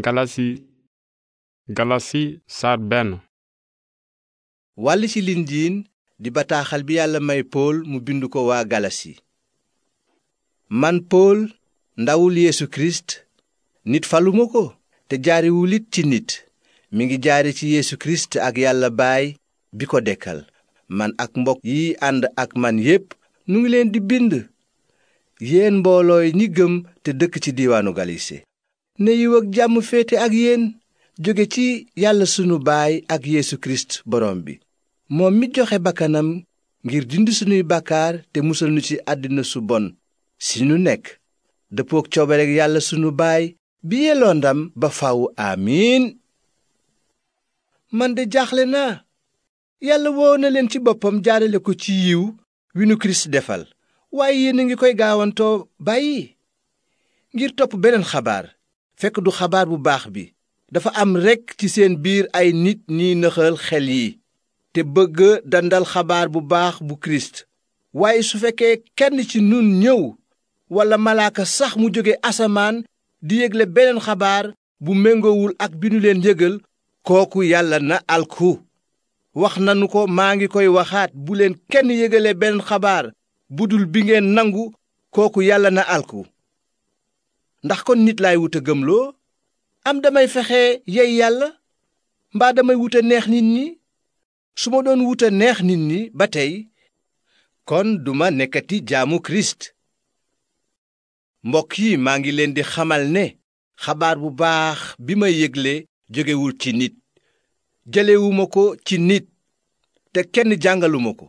galasi galasi saar benn wàll ci lindiin di bataaxal bi yàlla may pool mu bind ko waa galasi man pool ndawul yeesu kirist nit faluma ko te jaariwul it ci nit mu ngi jaari ci yeesu kirist ak yàlla baay bi ko dekkal man ak mbokk yi ànd ak man yépp nu ngi leen di bind yéen mboolooy ñi gëm te dëkk ci diiwaanu galise ne yiw ak jàmm féete ak yéen jóge ci yàlla sunu baay ak Yeesu Kirist borom bi moom mi joxe bakkanam ngir dindi sunuy bàkkaar te musal nu ci àddina su bon si nu nekk dëppook coobareek yàlla sunu baay bi yelloo ndam ba faw amiin man de jaaxle naa yàlla woo na leen ci boppam jaarale ko ci yiw wi nu kirist defal waaye yéen a ngi koy gaawantoo bàyyi ngir topp beneen xabaar fekk du xabaar bu baax bi dafa am rekk ci seen biir ay nit ñiy nëxal xel yi te bëgg dandal xabaar bu baax bu kirist waaye su fekkee kenn ci nun ñëw walla malaaka sax mu jóge asamaan di yégle beneen xabaar bu méngowul ak bi ñu leen yégal kooku yàlla na alku wax nanu ko maa ngi koy waxaat bu leen kenn yégale beneen xabaar bu dul bi ngeen nangu kooku yàlla na alku ndax kon nit laay wut a gëmloo am damay fexe yey yàlla mbaa damay wut a neex nit ñi su ma doon wut neex nit ñi ba tey kon duma nekkati jaamu kirist mbokk yi maa ngi leen di xamal ne xabaar bu baax bi ma yégle jógewul ci nit jëlewuma ko ci nit te kenn jàngaluma ko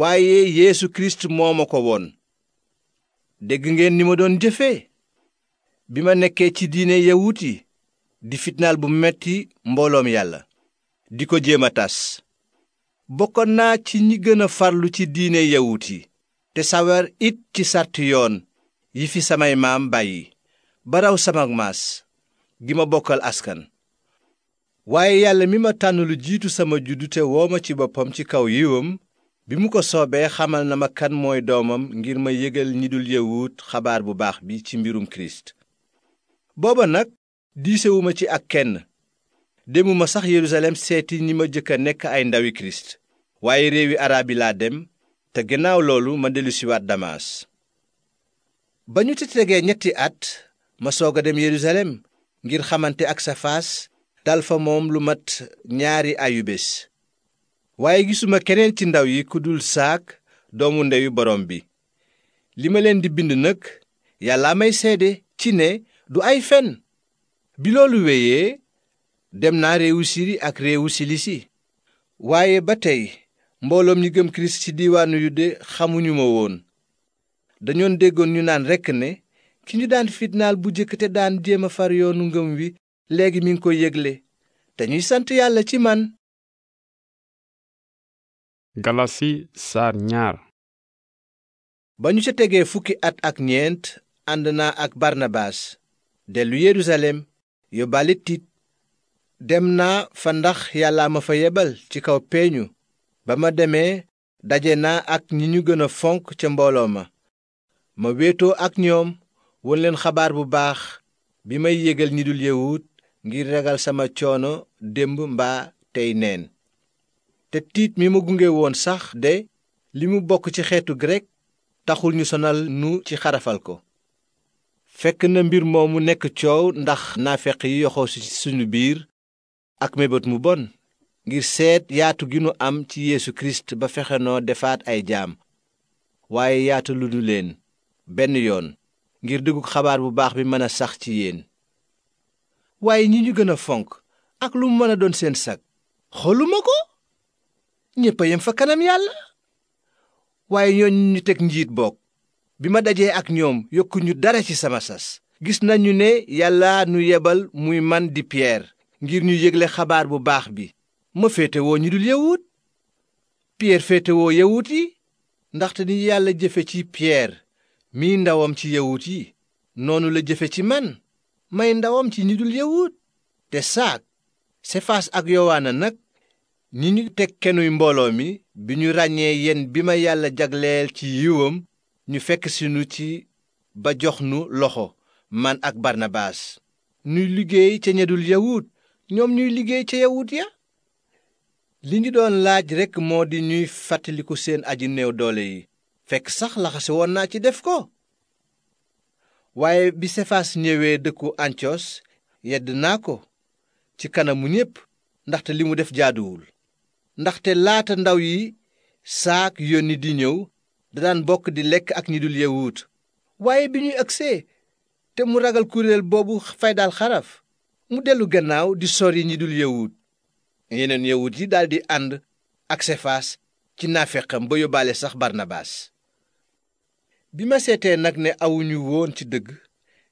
waaye yéesu krist moo ma ko woon dégg ngeen ni ma doon jëfee bi ma nekkee ci diine yawut yi di fitnaal bu metti mbooloom yàlla di ko jéem a tas bokkoon naa ci ñi gën a farlu ci diine yawut yi te sawar it ci sarti yoon yi fi samay maam bàyyi baraw sama maas gi ma bokkal askan waaye yàlla mi ma tànn lu jiitu sama juddu te woo ma ci boppam ci kaw yiwam bi mu ko soobee xamal na ma kan mooy doomam ngir ma yégal ñi dul yawut xabaar bu baax bi ci mbirum kirist booba nag diisewuma ci ak kenn démuma sax Yerusalem seeti ñi ma jëkk a nekk ay ndawi Kirist waaye réewi araab yi laa dem te gannaaw loolu ma dellusiwaat Damas ba ñu ci tegee ñetti at ma soog a dem Yerusalem ngir xamante ak Safaas dal fa moom lu mat ñaari ayubés waaye gisuma keneen ci ndaw yi ku dul saak doomu ndeyu borom bi li ma leen di bind nag yàlla may seede ci ne du ay fen bi loolu wéyee dem naa réewu siri ak réewu silisi waaye ba tey mbooloom ñi gëm kirist ci diiwaanu yude xamuñu ma woon dañoon déggoon ñu naan rekk ne ki ñu daan fitnaal bu jëkk te daan jéem a far yoonu ngëm wi léegi mi ngi ko yégle dañuy sant yàlla ci man galasi saar ba ñu ca tegee fukki at ñeent ànd naa ak barnabaas dellu yerusalem yóbbaale tiit dem naa fa ndax yàlla ma fa yebal ci kaw peeñu ba ma demee daje naa ak ñi ñu gën a fonk ca mbooloo ma ma wéetoo ak ñoom won xabaar bu baax bi may yégal ñi dul yewut ngir ragal sama coono démb mbaa tey neen te tiit mi ma gunge woon sax de li mu bokk ci xeetu grekk taxul ñu sonal nu ci xarafal ko fekk na mbir moomu nekk coow ndax naafeq yi yoxoo ci suñu biir ak mébét mu bon ngir seet yaatu gi nu am ci Yeesu Kirist ba fexe noo defaat ay jaam waaye yaata lu nu leen benn yoon ngir dëggug xabaar bu baax bi mën a sax ci yéen waaye ñi ñu gën a fonk ak lu mu mën a doon seen sag xoluma ko ñépp a yem fa kanam yàlla waaye ñooñu ñu teg njiit bokk bi ma dajee ak ñoom yokkuñu dara ci sama sas gis nañu ne yàlla nu yebal muy man di Pierre ngir ñu yégle xabaar bu baax bi ma féetewoo ñi dul yawut Pierre féetewoo yawut yi ndaxte ni yàlla jëfe ci Pierre mi ndawam ci yawut yi noonu la jëfe ci man may ndawam ci ñi dul yawut te saak Sefaas ak Yowaana nag ñi ñu teg kenuy mbooloo mi bi ñu ràññee yen bi ma yàlla jagleel ci yiwam ñu fekk si nu ci ba jox nu loxo man ak barnabaas ñuy liggéey ca ña dul yawut ñoom ñuy liggéey ca yawut ya li ñu doon laaj rekk moo di ñuy fàttaliku seen aji néew doole yi fekk sax laxase woon naa ci def ko waaye bi sefaas ñëwee dëkku antiyos yedd naa ko ci kanamu ñépp ndaxte li mu def jaaduwul ndaxte laata ndaw yi saak yónni di ñëw daan bokk di lekk ak ñi dul yawut waaye bi ñuy agsee te mu ragal kuréel boobu fay dal xaraf mu dellu gannaaw di sori ñi dul yawut yeneen yawut yi daldi ànd ak sefaas ci naafeqam ba yóbbaale sax barnabaas bi ma seetee nag ne awuñu woon ci dëgg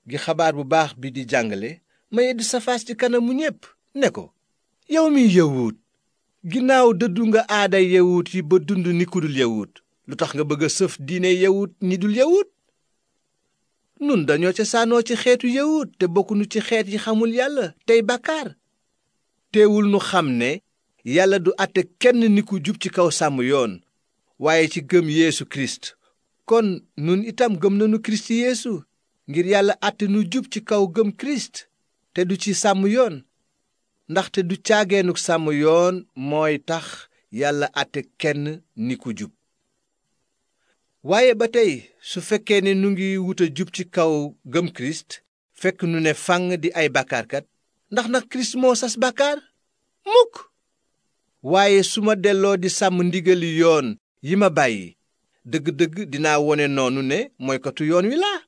gi xabaar bu baax bi di jàngale ma yedd safaas ci kanamu ñépp ne ko yow mi yawut ginnaaw dëddu nga aada yawut yi ba dund ni ku dul yawut lu tax nga bëgg sëf diine yawut ni dul yawut nun dañoo ca saanoo ci xeetu yawut te bokkunu ci xeet yi xamul yàlla tey bàkkaar teewul nu xam ne yàlla du àtte kenn ni ku jub ci kaw sàmm yoon waaye ci gëm yéesu kirist kon nun itam gëm nanu kirist yéesu ngir yàlla àtte nu jub ci kaw gëm kirist te du ci sàmm yoon ndaxte du caageenuk sàmm yoon mooy tax yàlla àtte kenn ni ku jub waaye ba tey su fekkee ne nu ngi wut jub ci kaw gëm kirist fekk nu ne fànn di ay bàkkaarkat ndax nag kirist moo sas bàkkaar mukk waaye su ma delloo di sàmm ndigali yoon yi ma bàyyi dëgg-dëgg dinaa wone noonu ne moykatu yoon wi laa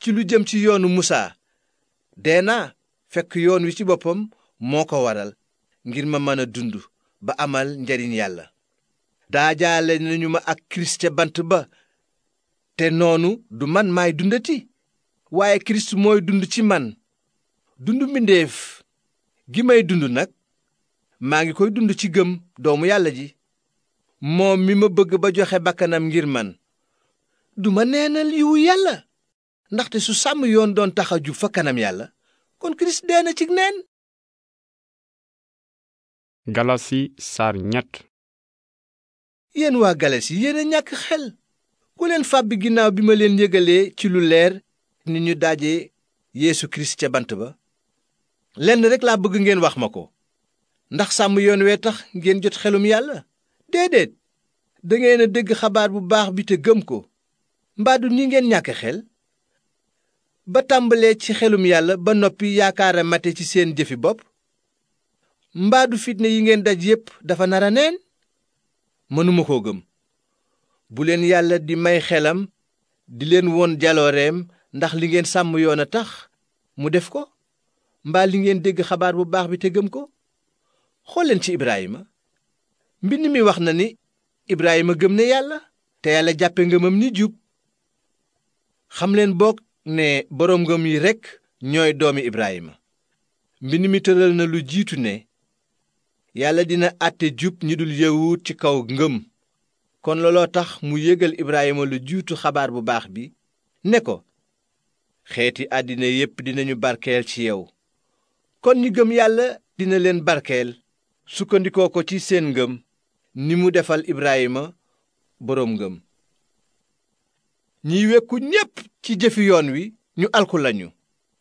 ci lu jëm ci yoonu musaa dee naa fekk yoon wi ci boppam moo ko waral ngir ma mën a dund ba amal njariñ yàlla daajaale nañu ma ak kirist ca bant ba te noonu du man maay dundati waaye kirist mooy dund ci man dund mbindeef gi may dund nag maa ngi koy dund ci gëm doomu yàlla ji moom mi ma bëgg ba joxe bakkanam ngir man du ma neenal yiwu yàlla ndaxte su sàmm yoon doon tax a jub fa kanam yàlla kon kirist dee na ci neen yéen waa galasi yéen ñàkk xel ku leen fàbbi ginnaaw bi ma leen yëgalee ci lu leer ni ñu daje yeesu kirist ca bant ba lenn rek laa bëgg ngeen wax ma ko ndax sàmm yoon wee tax ngeen jot xelum yàlla déedéet dangeen a dégg xabaar bu baax bi te gëm ko mbaa du ni ngeen ñàkk xel ba tàmbalee ci xelum yàlla ba noppi yaakaara mate ci seen jëfi bopp mbaadu fitne yi ngeen daj yépp dafa nar a neen mënuma koo gëm bu leen yàlla di may xelam di leen won jalooreem ndax li ngeen sàmm yoon a tax mu def ko mbaa li ngeen dégg xabaar bu baax bi te gëm ko xoolleen ci Ibrahima mbind mi wax na ni Ibrahima gëm ne yàlla te yàlla jàppe ngëmam ni jub xam leen boog ne borom ngëm yi rekk ñooy doomi Ibrahima mbind mi tëral na lu jiitu ne yàlla dina àtte jub ñi dul yëwut ci kaw ngëm kon looloo tax mu yégal Ibrahima lu juutu xabaar bu baax bi ne ko xeeti àddina yépp dinañu barkeel ci yow kon ñi gëm yàlla dina leen barkeel sukkandikoo ko ci seen ngëm ni mu defal Ibrahima boroom ngëm ñiy wekku ñépp ci jëfi yoon wi ñu alku lañu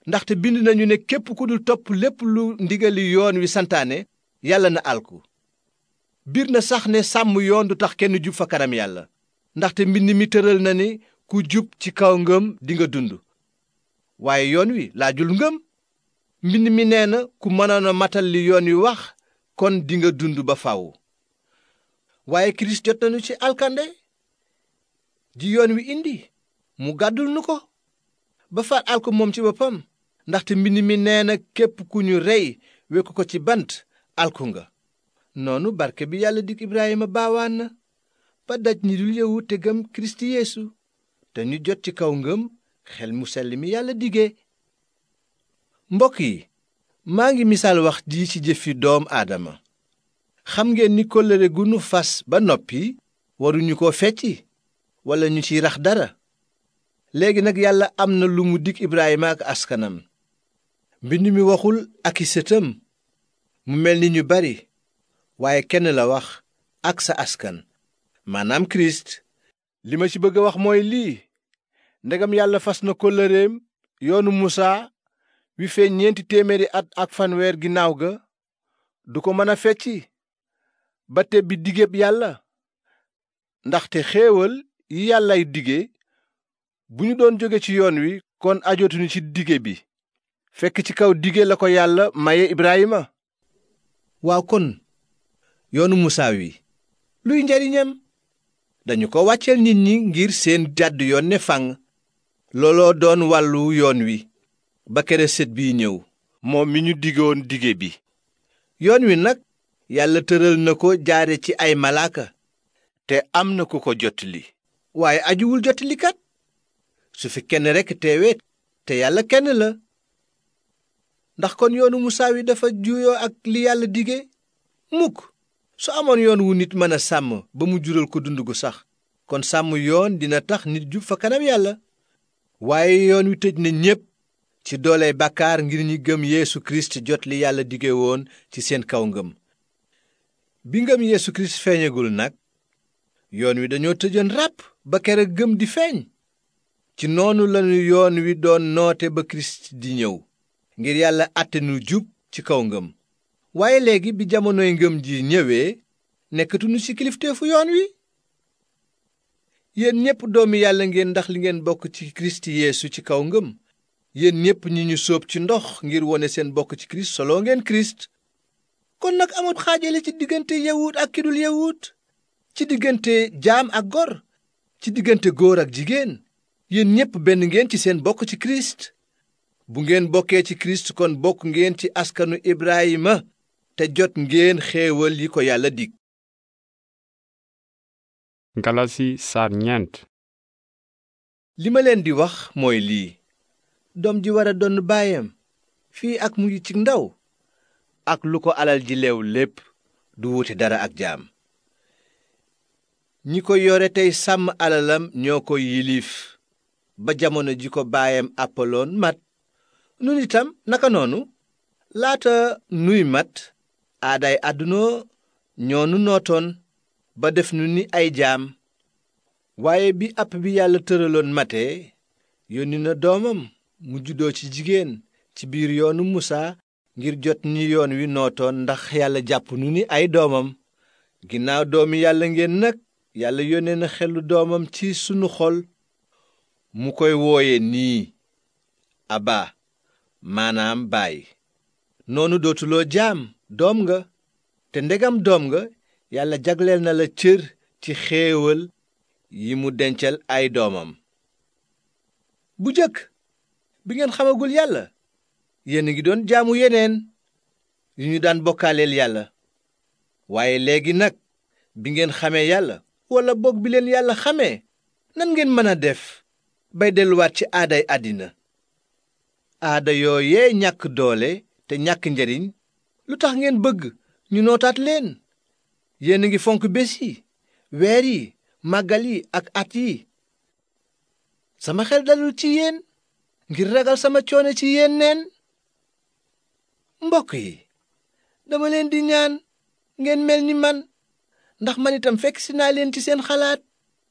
ndaxte bind nañu ne képp ku dul topp lépp lu ndigali yoon wi santaane yàlla na alku bir na sax ne sàmm yoon du tax kenn jub fa kanam yàlla ndaxte mbind mi tëral na ni ku jub ci kaw ngëm dinga dund waaye yoon wi laajul ngëm mbind mi nee na ku mënoon matal li yoon wi wax kon dinga dund ba faw waaye kirist jot nañu ci alkande ji yoon wi indi mu gàddul nu ko ba far alku moom ci boppam ndaxte mbind mi nee na képp ku ñu rey wekku ko ci bant alku nga noonu barke bi yàlla dig Ibrahima baawaan na ba daj ñi dul yëwu te gëm Kirist Yeesu te jot ci kaw ngëm xel mu selli mi yàlla digee mbokk yi maa ngi misaal wax ji ci jëfi doom aadama xam ngeen ni kóllëre gu fas ba noppi waruñu koo fecc walla ñu ci rax dara léegi nag yàlla am na lu mu dig Ibrahima ak askanam mbind mi waxul ak i sëtam mu mel ni ñu bari waaye kenn la wax ak sa askan maanaam kirist li ma ci bëgg a wax mooy lii ndegam yàlla fas na kóllëreem yoonu musaa wi feeñ ñeenti téeméeri at ak fanweer ginnaaw ga du ko mën a fecc ba tebbi digéb yàlla ndaxte xéewal yi yàllay dige bu ñu doon jóge ci yoon wi kon ajootuñu ci dige bi fekk ci kaw dige la ko yàlla maye Ibrahima waaw kon yoonu musaa wi luy njariñam dañu ko wàcceel nit ñi ngir seen jàdd yoon ne fànn looloo doon wàllu yoon wi ba kere set bii ñëw moom mi ñu diggoon dige bi yoon wi nag yàlla tëral na ko jaare ci ay malaaka te am na ku ko jot jottali waaye ajuwul jot jottalikat su fi kenn rekk teewee te yàlla kenn la ndax kon yoonu musaa wi dafa juyoo ak li yàlla dige mukk su amoon yoon wu nit mën a sàmm ba mu jural ko dund gu sax kon sàmm yoon dina tax nit jub fa kanam yàlla waaye yoon wi tëj na ñépp ci dooley bàkkaar ngir ñi gëm yeesu kirist jot li yàlla dige woon ci seen kaw ngëm bi ngëm yeesu kirist feeñagul nag yoon wi dañoo tëjoon ràpp ba kere gëm di feeñ ci noonu lañu yoon wi doon noote ba kirist di ñëw ngir yàlla àttenu jub ci kaw ngëm waaye léegi bi jamonoy ngëm ji ñëwee nekkatuñu ci kilifteefu yoon wi yéen ñépp doomi yàlla ngeen ndax li ngeen bokk ci kirist yéesu ci kaw ngëm yéen ñépp ñi ñu soob ci ndox ngir wone seen bokk ci kirist soloo ngeen kirist kon nag amut xaajale ci diggante yëwut ak kidul yawut ci diggante jaam ak gor ci diggante góor ak jigéen yéen ñépp benn ngeen ci seen bokk ci kirist bu ngeen bokkee ci kirist kon bokk ngeen ci askanu ibrahima te jot ngeen xéewal yi ko yàlla dig galasi saar ñeent li ma leen di wax mooy lii doom ji war a donn baayam fii ak mu ngi ci ndaw ak lu ko alal ji leew lépp du wuti dara ak jaam ñi ko yore tey sàmm alalam ñoo ko yilif ba jamono ji ko baayam apolloon mat nun itam naka noonu laata nuy mat aadaay àdduna ñoonu nootoon ba def nu ni ay jaam waaye bi app bi yàlla tëraloon matee yónni na doomam mu juddoo ci jigéen ci biir yoonu musaa ngir jot ni yoon wi nootoon ndax yàlla jàpp nu ni ay doomam ginnaaw doomi yàlla ngeen nag yàlla yónnee na xelu doomam ci sunu xol mu koy wooye nii abba maanaam baay noonu dootuloo jaam doom nga te ndegam doom nga yàlla jagleel na la cër ci xéewal yi mu denceel ay doomam bu jëkk bi ngeen xamagul yàlla yéen a ngi doon jaamu yeneen yu ñu daan bokkaaleel yàlla waaye léegi nag bi ngeen xamee yàlla walla boog bi leen yàlla xamee nan ngeen mën a def bay delluwaat ci aaday àddina aada yoo yee ñàkk doole te ñàkk njariñ lu tax ngeen bëgg ñu nootaat leen yéen a ngi fonk bés yi weer yi màggal yi ak at yi sama xel dalul ci yéen ngir ragal sama coono ci yéen neen mbokk yi dama leen di ñaan ngeen mel ni man ndax man itam fekk si naa leen ci seen xalaat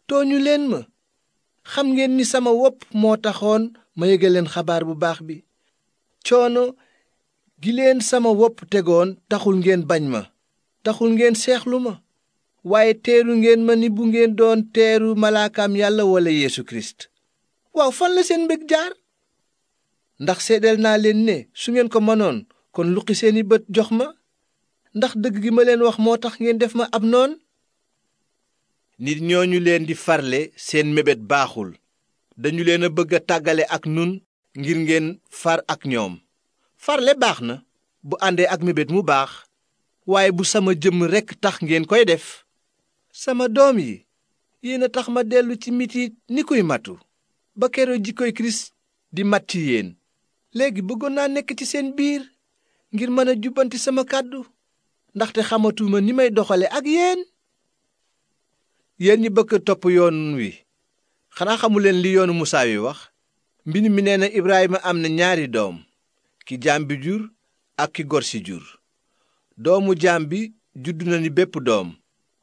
tooñu leen ma xam ngeen ni sama wopp moo taxoon ma yëgal xabaar bu baax bi coono gi leen sama wopp tegoon taxul ngeen bañ ma taxul ngeen seexlu ma waaye teeru ngeen ma ni bu ngeen doon teeru malaakaam yàlla walla yéesu Kirist waaw fan la seen mbeg jaar ndax seddal naa leen ne su ngeen ko mënoon kon luqi seeni bët jox ma ndax dëgg gi ma leen wax moo tax ngeen def ma ab noon nit ñooñu leen di farle seen mébét baaxul dañu leen a bëgg a tàggale ak nun ngir ngeen far ak ñoom farle baax na bu àndee ak mébét mu baax waaye bu sama jëmm rekk tax ngeen koy def sama doom yi yéen a tax ma dellu ci mitiit ni kuy mattu ba kero jikkoy kirist di mat ci yéen léegi bëggoon naa nekk ci seen biir ngir mën a jubbanti sama kàddu ndaxte xamatuma ni may doxale ak yéen yéen ñi bëgg topp yoon wi xanaa xamu leen li yoonu musaa wi wax mbind mi nee na Ibrahima am na ñaari doom ki jaam bi jur ak ki gor si jur doomu jaam bi judd na bépp doom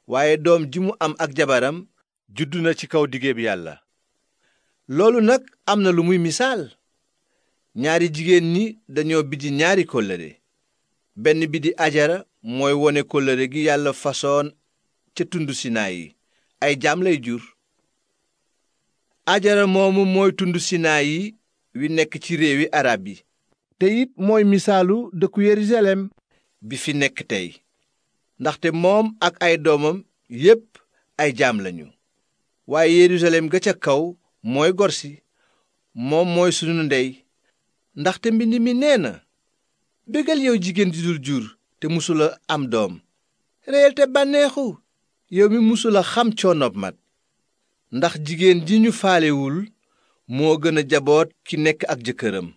waaye doom ji mu am ak jabaram judd na ci kaw digéeb yàlla loolu nag am na lu muy misaal ñaari jigéen ñi dañoo bidi ñaari kóllëre benn bi di ajara mooy wone kóllëre gi yàlla fasoon ca tund sinaay yi ay jaam lay jur ajara moomu mooy tund yi wi nekk ci réewi arab yi te it mooy misaalu dëkku yerusalem bi fi nekk tey ndaxte moom ak ay doomam yépp ay jaam lañu waaye yerusalem ga ca kaw mooy gorsi moom mooy sunu ndey ndaxte mbind mi nee na bégal yow jigéen di dul jur te mësula am doom réyal te bànneexu yow mi musula xam coonob mat ndax jigéen ji ñu faalewul moo gën a jaboot ki nekk ak jëkkëram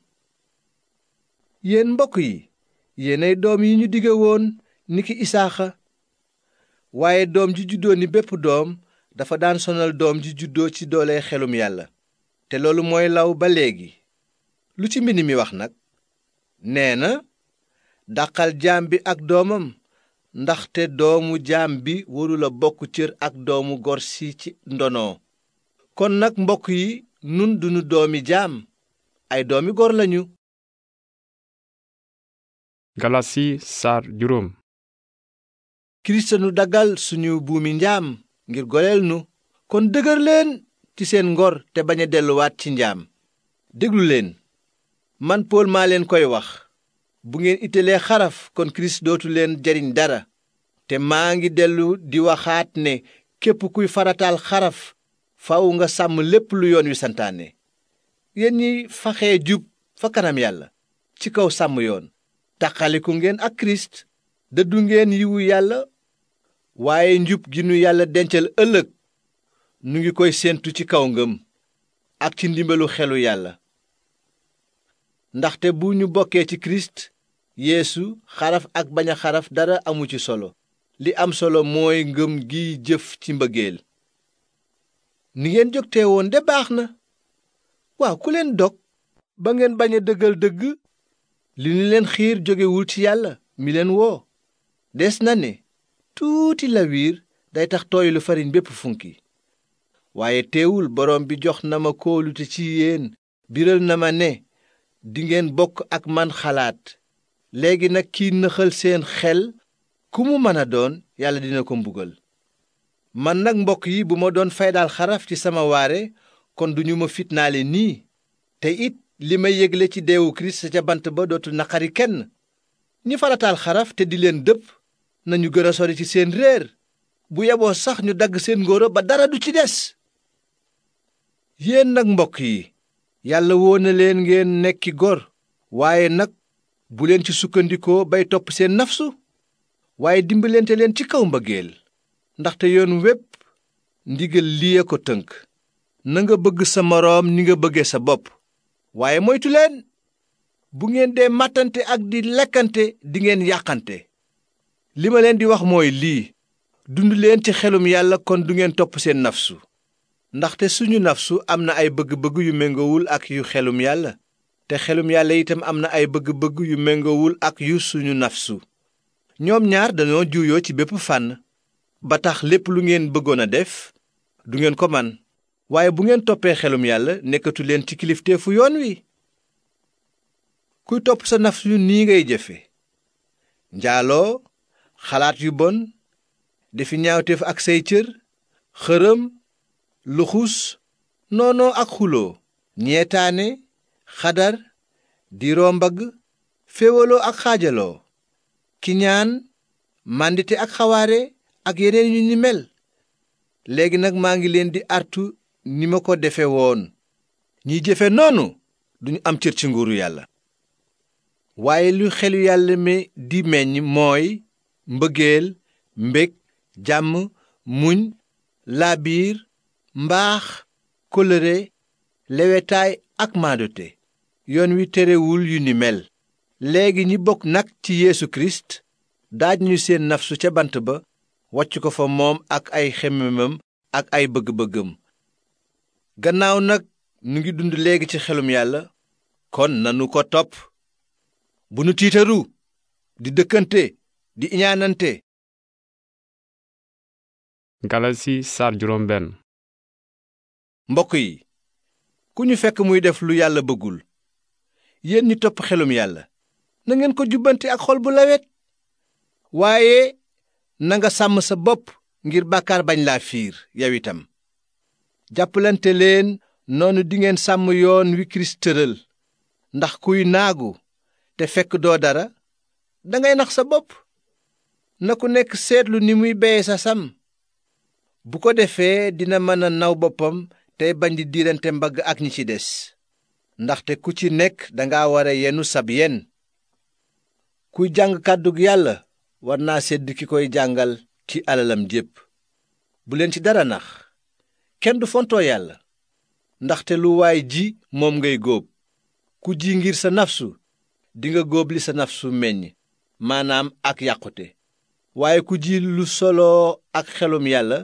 yéen mbokk yi yéenay doom yi ñu dige woon niki isaaxa waaye doom ji juddoo ni bépp doom dafa daan sonal doom ji juddoo ci doole xelum yàlla te loolu mooy law ba léegi lu ci mbind mi wax nag nee na dàqal jaam bi ak doomam ndaxte doomu jaam bi warula bokk cër ak doomu gor si ci ndonoo kon nag mbokk yi nun dunu doomi jaam ay doomi gor lañu galasi saar juróom kirist daggal dagal suñu buumi njaam ngir goreel nu kon dëgër ci seen ngor te bañ delluwaat ci njaam déglu leen man pool maa leen koy wax bu ngeen italee xaraf kon kirist dootu leen jariñ dara te maa ngi dellu di waxaat ne képp kuy faratal xaraf faw nga sàmm lépp lu yoon wi santaane yéen ñi faxee jub fa kanam yàlla ci kaw sàmm yoon taqaliku ngeen ak kirist dëddu ngeen yiwu yàlla waaye njub gi nu yàlla dencal ëllëg nu ngi koy séentu ci kaw ngëm ak ci ndimbalu xelu yàlla ndaxte bu ñu bokkee ci kirist yeesu xaraf ak bañ dara amu ci solo li am solo mooy ngëm gi jëf ci mbëggeel ni ngeen jógtee woon de baax na waaw ku leen dog ba ngeen bañ a dëggal dëgg li ni leen xiir jógewul ci yàlla mi leen woo des na ne tuuti lawiir day tax tooylu fariñ bépp funki waaye teewul borom bi jox na ma kóolute ci yéen biral na ma ne dingeen bokk ak man xalaat léegi nag kii nëxal seen xel ku mu mën a doon yàlla dina ko mbugal man nag mbokk yi bu ma doon faydaal xaraf ci sama waare kon duñu ma fit fitnaale nii te it li may yégle ci deewu kirist ca bant ba dootul naqari kenn ñi farataal xaraf te di leen dëpp nañu gën a sori ci seen réer bu yeboo sax ñu dagg seen ngóoro ba dara du ci des yéen nag mbokk yi yàlla woo na leen ngeen nekki gor waaye nag bu leen ci sukkandikoo bay topp seen nafsu waaye dimbaleente leen ci kaw mbëggeel ndaxte yoon wépp ndigal lii ko tënk na nga bëgg sa moroom ni nga bëgge sa bopp waaye moytu bu ngeen dee màttante ak di lekkante dingeen yàqante li ma leen di wax mooy lii dund leen ci xelum yàlla kon du ngeen topp seen nafsu ndaxte suñu nafsu am na ay bëgg-bëgg yu méngowul ak yu xelum yàlla te xelum yàlla itam am na ay bëgg-bëgg yu méngowul ak yu suñu nafsu ñoom ñaar dañoo juuyoo ci bépp fànn ba tax lépp lu ngeen bëggoon a def du ngeen ko man waaye bu ngeen toppee xelum yàlla nekkatu leen ci kilifteefu yoon wi kuy topp sa nafsu nii ngay jëfe njaaloo xalaat yu bon defi ñaawteef ak say cër xërëm luxus noonoo ak xuloo ñeetaane xadar diiroo mbagg féewaloo ak xaajaloo ñaan màndite ak xawaare ak yeneen yu ni mel léegi nag maa ngi leen di artu ni ma ko defe woon ñiy jëfe noonu duñu am cër ci nguuru yàlla waaye lu xelu yàlla mi di meññ mooy mbëggeel mbég jàmm muñ laabiir mbaax kóllëre lewetaay ak maandote yoon wi terewul yu ni mel léegi ñi bokk nag ci yéesu Kirist daaj ñu seen nafsu ca bant ba wàcc ko fa moom ak ay xemmemam ak ay bëgg-bëggam gannaaw nag nu ngi dund léegi ci xelum yàlla kon nanu ko topp bu nu tiitaru di dëkkante di iñaanante galasi saar juróom benn mbokk yi ku ñu fekk muy def lu yàlla bëggul yéen ñi topp xelum yàlla na ngeen ko jubbante ak xol bu lawet waaye na nga sàmm sa bopp ngir bàkkaar bañ laa fiir yow itam jàppalante leen noonu dingeen sàmm yoon wi kirist tëral ndax kuy naagu te fekk doo dara dangay nax sa bopp na ku nekk seetlu ni muy beye sa sam bu ko defee dina mën a naw boppam tey bañ di diirante mbagg ak ñi ci des ndaxte ku ci nekk danga wara yenu sab yen kuy jàng kàddug yàlla war naa sedd ki koy jàngal ci alalam jépp bu leen ci dara nax kenn du fontoo yàlla ndaxte lu waay ji moom ngay góob ku ji ngir sa nafsu dinga góob li sa nafsu meññ maanaam ak yàqute waaye ku ji lu soloo ak xelum yàlla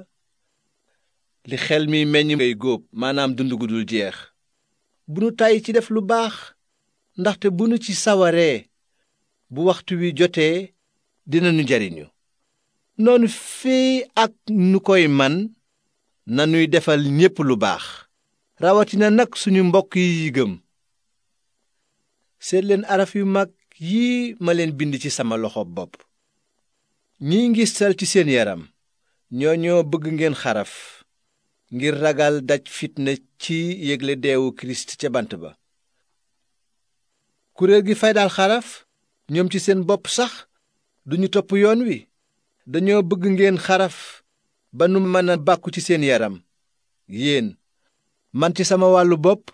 li xel mi meññ ngay góob maanaam dund gu dul jeex bu nu tàyyi ci def lu baax ndaxte bu nu ci sawaree bu waxtu wi jotee dinañu jariñu noonu fii ak nu koy man na nanuy defal ñépp lu baax rawatina nag suñu mbokk yi gëm seet leen araf yu mag yii ma leen bind ci sama loxo bopp ñii ngi sal ci seen yaram ñoo ñoo bëgg ngeen xaraf ngir ragal daj fitna ci yégle deewu kirist ca bant ba kuréel gi faydal xaraf ñoom ci seen bopp sax duñu topp yoon wi dañoo bëgg ngeen xaraf ba nu mën bàkku ci seen yaram yéen man ci sama wàllu bopp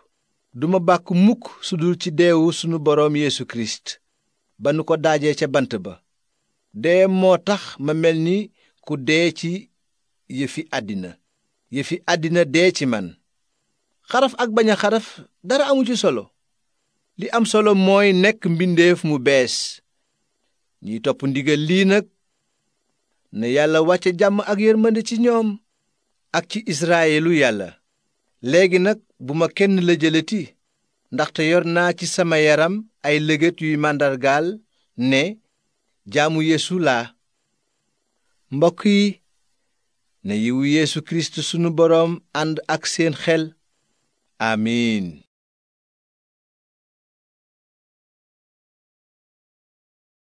duma bàkku mukk su dul ci deewu sunu boroom Yeesu kirist ba nu ko daaje ca bant ba dee moo tax ma mel ni ku dee ci yëfi àddina yëfi àddina dee ci man xaraf ak bañ a xaraf dara amu ci solo li am solo mooy nekk mbindeef mu bees ñiy topp ndigal lii nag ne yàlla wàcce jàmm ak yërmande ci ñoom ak ci israyelu yàlla léegi nag bu ma kenn la jëlati ndaxte yor naa ci sama yaram ay lëgët yuy màndargaal ne jaamu yéesu laa yi ne yiwu yéesu Kirist sunu boroom ànd ak seen xel amiin